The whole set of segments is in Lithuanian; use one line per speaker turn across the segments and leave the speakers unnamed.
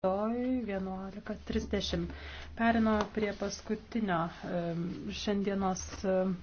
11.30. Perino prie paskutinio šiandienos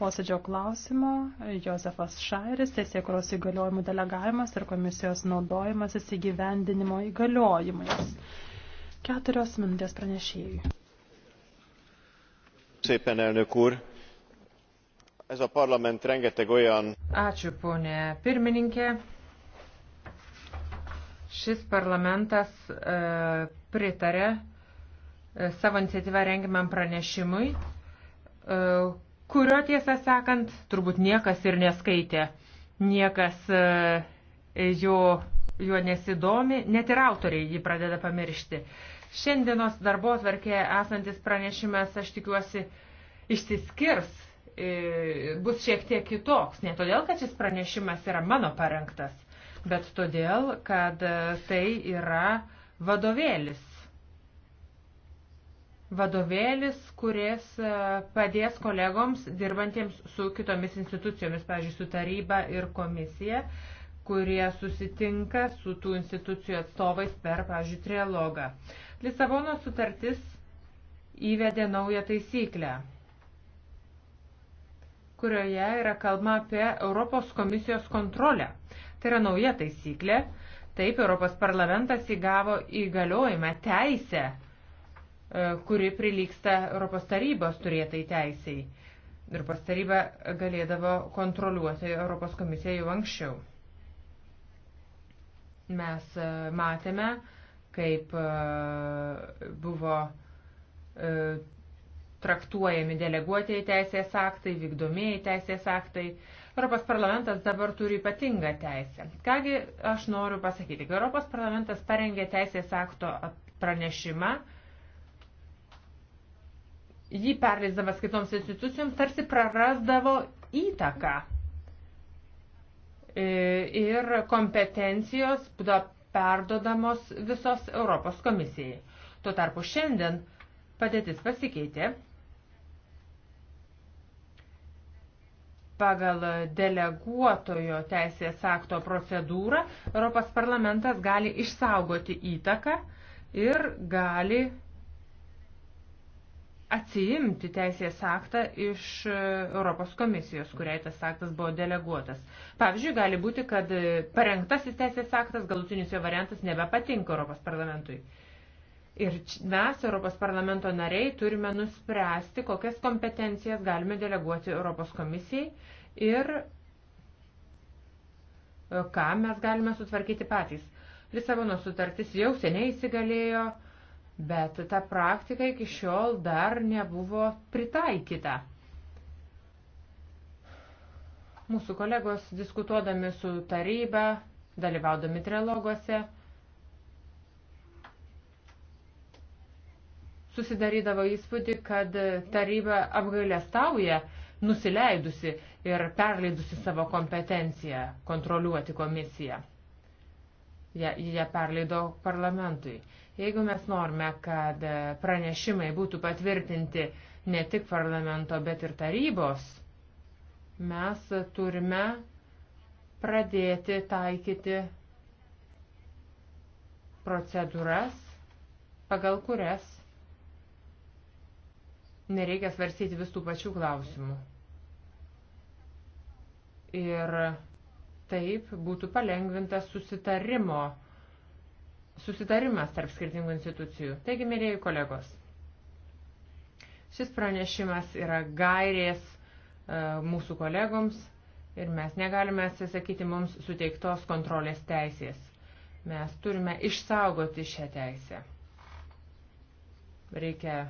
posėdžio klausimo. Josefas Šairis, teisėkros įgaliojimų delegavimas ir komisijos naudojimas įsigyvendinimo įgaliojimais. Keturios minutės pranešėjui.
Szépen elnök úr, ez a parlament rengeteg olyan...
Ačiū, ponė pirmininkė. Šis parlamentas e, pritarė e, savo iniciatyvą rengiamam pranešimui, e, kurio tiesą sakant turbūt niekas ir neskaitė, niekas e, jo, jo nesidomi, net ir autoriai jį pradeda pamiršti. Šiandienos darbo atverkėje esantis pranešimas, aš tikiuosi, išsiskirs e, bus šiek tiek kitoks, ne todėl, kad šis pranešimas yra mano parengtas, bet todėl, kad tai yra vadovėlis. Vadovėlis, kuris e, padės kolegoms dirbantiems su kitomis institucijomis, pavyzdžiui, su taryba ir komisija, kurie susitinka su tų institucijų atstovais per, pavyzdžiui, trialogą. Lisabono sutartis įvedė naują taisyklę, kurioje yra kalba apie Europos komisijos kontrolę Tai yra nauja taisyklė. Taip, Europos parlamentas įgavo įgaliojimą teisę, e, kuri prilyksta Europos tarybos turėtai teisiai. Europos taryba galėdavo kontroliuoti Europos komisiją jau anksčiau. Mes e, matėme, kaip e, buvo traktuojami deleguotieji teisės aktai, vykdomieji teisės aktai. Europos parlamentas dabar turi ypatingą teisę. Kągi aš noriu pasakyti, kai Europos parlamentas parengė teisės akto pranešimą, jį perleisdamas kitoms institucijoms tarsi prarasdavo įtaką e, ir kompetencijos būdavo perdodamos visos Europos komisijai. Tuo tarpu šiandien padėtis pasikeitė pagal deleguotojo teisės akto procedūrą Europos parlamentas gali išsaugoti įtaką ir gali atsiimti teisės aktą iš Europos komisijos, kuriai tas aktas buvo deleguotas. Pavyzdžiui, gali būti, kad parengtasis teisės aktas, galutinis jo variantas nebepatinka Europos parlamentui. Ir mes, Europos parlamento nariai, turime nuspręsti, kokias kompetencijas galime deleguoti Europos komisijai ir e, ką mes galime sutvarkyti patys. Lisabono sutartis jau seniai įsigalėjo, bet ta praktika iki šiol dar nebuvo pritaikyta. Mūsų kolegos diskutuodami su taryba, dalyvaudami triloguose, susidarydavo įspūdį, kad taryba apgailestauja, nusileidusi ir perleidusi savo kompetenciją kontroliuoti komisiją. Jie, jie perleido parlamentui. Jeigu mes norime, kad pranešimai būtų patvirtinti ne tik parlamento, bet ir tarybos, mes turime pradėti taikyti procedūras, pagal kurias nereikia svarstyti visų pačių klausimų. Ir taip būtų palengvintas susitarimo, susitarimas tarp skirtingų institucijų. Taigi, mėrėjai kolegos, šis pranešimas yra gairės e, mūsų kolegoms ir mes negalime atsisakyti mums suteiktos kontrolės teisės. Mes turime išsaugoti šią teisę. Reikia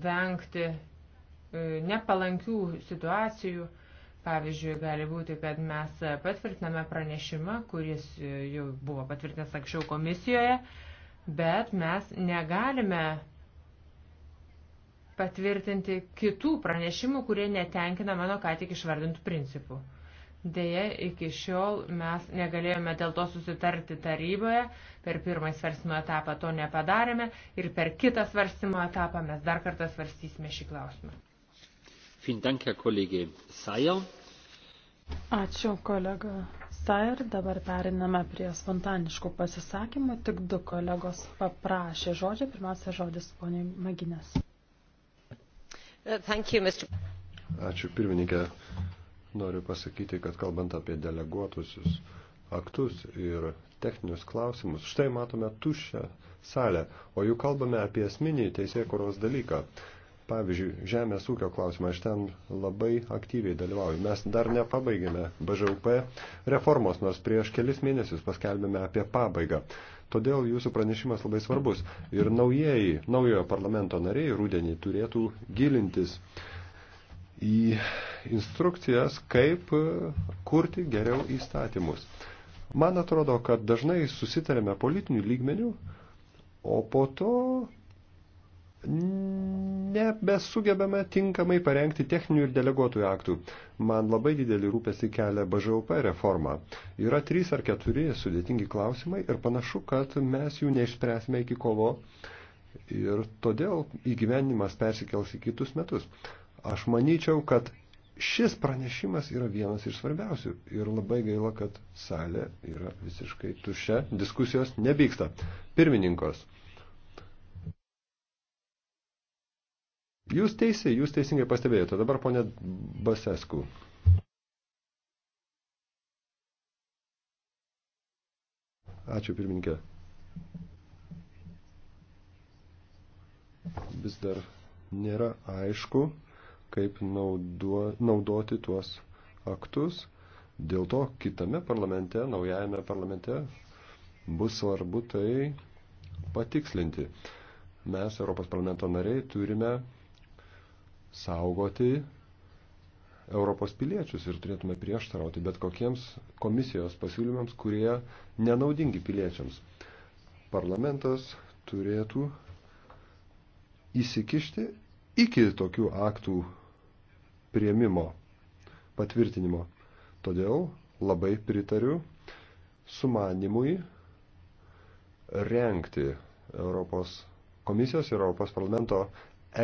vengti e, nepalankių situacijų. Pavyzdžiui, gali būti, kad mes patvirtiname pranešimą, kuris e, jau buvo patvirtintas anksčiau komisijoje, bet mes negalime patvirtinti kitų pranešimų, kurie netenkina mano ką tik išvardintų principų. Deja, iki šiol mes negalėjome dėl to susitarti taryboje, per pirmąjį svarstymo etapą to nepadarėme ir per kitą svarstymo etapą mes dar kartą svarstysime šį
klausimą. Ačiū,
kolega Sair. Dabar periname prie spontaniškų pasisakymų. Tik du kolegos paprašė žodžio. Pirmiausia, žodis poniai Maginės. Ačiū,
pirmininkė. Noriu pasakyti, kad kalbant apie deleguotusius aktus ir techninius klausimus, štai matome tuščią salę, o jų kalbame apie esminį teisėkuros dalyką. Pavyzdžiui, žemės ūkio klausimą aš ten labai aktyviai dalyvauju. Mes dar nepabaigėme BŽUP reformos, nors prieš kelis mėnesius paskelbėme apie pabaigą. Todėl jūsų pranešimas labai svarbus. Ir naujieji, naujojo parlamento nariai rūdienį turėtų gilintis į instrukcijas, kaip e, kurti geriau įstatymus. Man atrodo, kad dažnai susitarėme politinių lygmenių, o po to nebesugebame tinkamai parengti techninių ir deleguotųjų aktų. Man labai didelį rūpestį kelia BŽUP reforma. Yra trys ar keturi sudėtingi klausimai ir panašu, kad mes jų neišspręsime iki kovo ir todėl įgyvenimas persikels į kitus metus. Aš manyčiau, kad šis pranešimas yra vienas iš svarbiausių ir labai gaila, kad salė yra visiškai tuščia, diskusijos nebyksta. Pirmininkos. Jūs teisi, jūs teisingai pastebėjote. Dabar ponė Basesku. Ačiū pirmininkė. Vis dar nėra aišku, kaip nauduo, naudoti tuos aktus. Dėl to kitame parlamente, naujajame parlamente, bus svarbu tai patikslinti. Mes, Europos parlamento nariai, turime saugoti Europos piliečius ir turėtume prieštarauti bet kokiems komisijos pasiūlymams, kurie nenaudingi piliečiams. Parlamentas turėtų įsikišti iki tokių aktų prieimimo, patvirtinimo. Todėl labai pritariu sumanimui renkti Europos komisijos ir Europos parlamento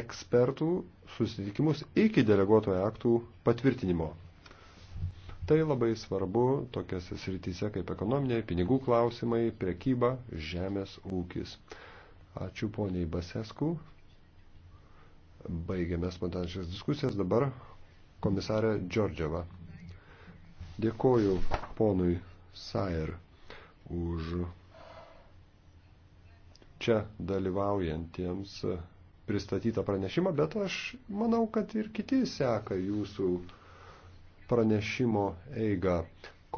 ekspertų susitikimus iki deleguotojo aktų patvirtinimo. Tai labai svarbu tokiose srityse kaip ekonominiai, pinigų klausimai, prekyba, žemės ūkis. Ačiū poniai Basesku. Baigiame spontaniškas diskusijas. Dabar komisarę Džordžiavą. Dėkoju ponui Sair už čia dalyvaujantiems pristatytą pranešimą, bet aš manau, kad ir kiti seka jūsų pranešimo eigą.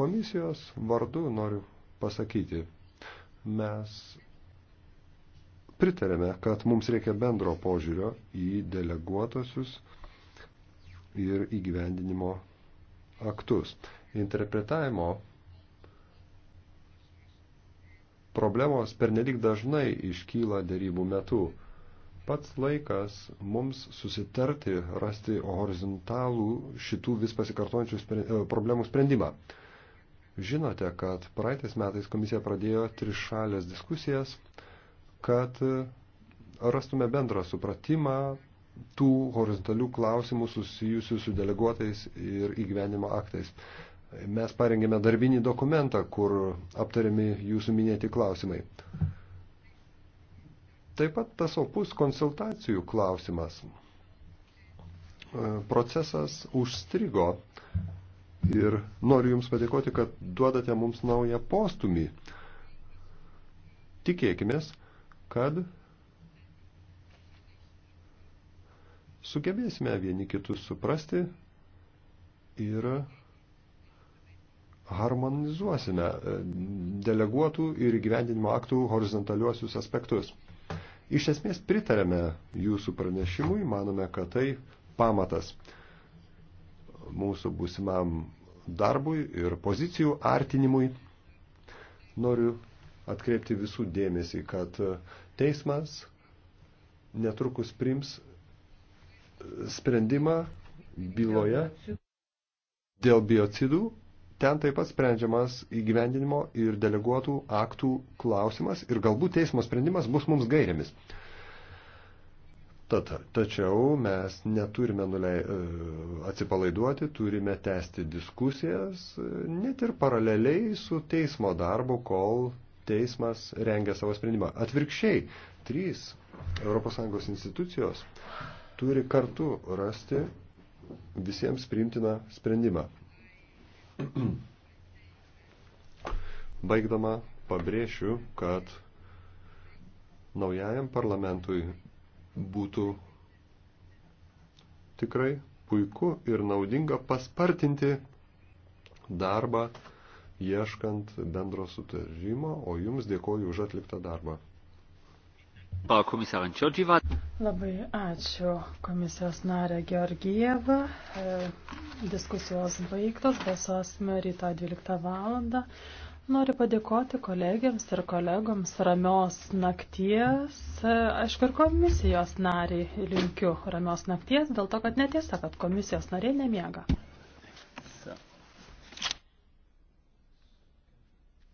Komisijos vardu noriu pasakyti, mes pritarėme, kad mums reikia bendro požiūrio į deleguotosius ir įgyvendinimo aktus. Interpretavimo problemos pernelik dažnai iškyla dėrybų metu. Pats laikas mums susitarti, rasti horizontalų šitų vis pasikartojančių e, problemų sprendimą. Žinote, kad praeitais metais komisija pradėjo trišalės diskusijas, kad rastume bendrą supratimą, tų horizontalių klausimų susijusių su deleguotais ir įgyvenimo aktais. Mes parengėme darbinį dokumentą, kur aptariami jūsų minėti klausimai. Taip pat tas opus konsultacijų klausimas. E, procesas užstrigo ir noriu Jums padėkoti, kad duodate mums naują postumį. Tikėkimės, kad sugebėsime vieni kitus suprasti ir harmonizuosime e, deleguotų ir gyvendinimo aktų horizontaliuosius aspektus. Iš esmės pritarėme jūsų pranešimui, manome, kad tai pamatas mūsų būsimam darbui ir pozicijų artinimui. Noriu atkreipti visų dėmesį, kad teismas netrukus prims sprendimą byloje dėl biocidų. Ten taip pat sprendžiamas įgyvendinimo ir deleguotų aktų klausimas ir galbūt teismo sprendimas bus mums gairėmis. Tad, tačiau mes neturime nulei, e, atsipalaiduoti, turime tęsti diskusijas, e, net ir paraleliai su teismo darbu, kol teismas rengia savo sprendimą. Atvirkščiai, trys ES institucijos turi kartu rasti visiems priimtiną sprendimą. Baigdama pabrėšiu, kad naujajam parlamentui būtų tikrai puiku ir naudinga paspartinti darbą ieškant bendro sutarimo, o jums dėkoju už atliktą darbą. Labai
ačiū komisijos narė Georgieva. E, diskusijos baigtos, balsuosime ryto 12 valandą. Noriu padėkoti kolegiams ir kolegoms ramios nakties. E, aišku, ir komisijos nariai linkiu ramios nakties, dėl to, kad netiesa, kad komisijos nariai nemiega.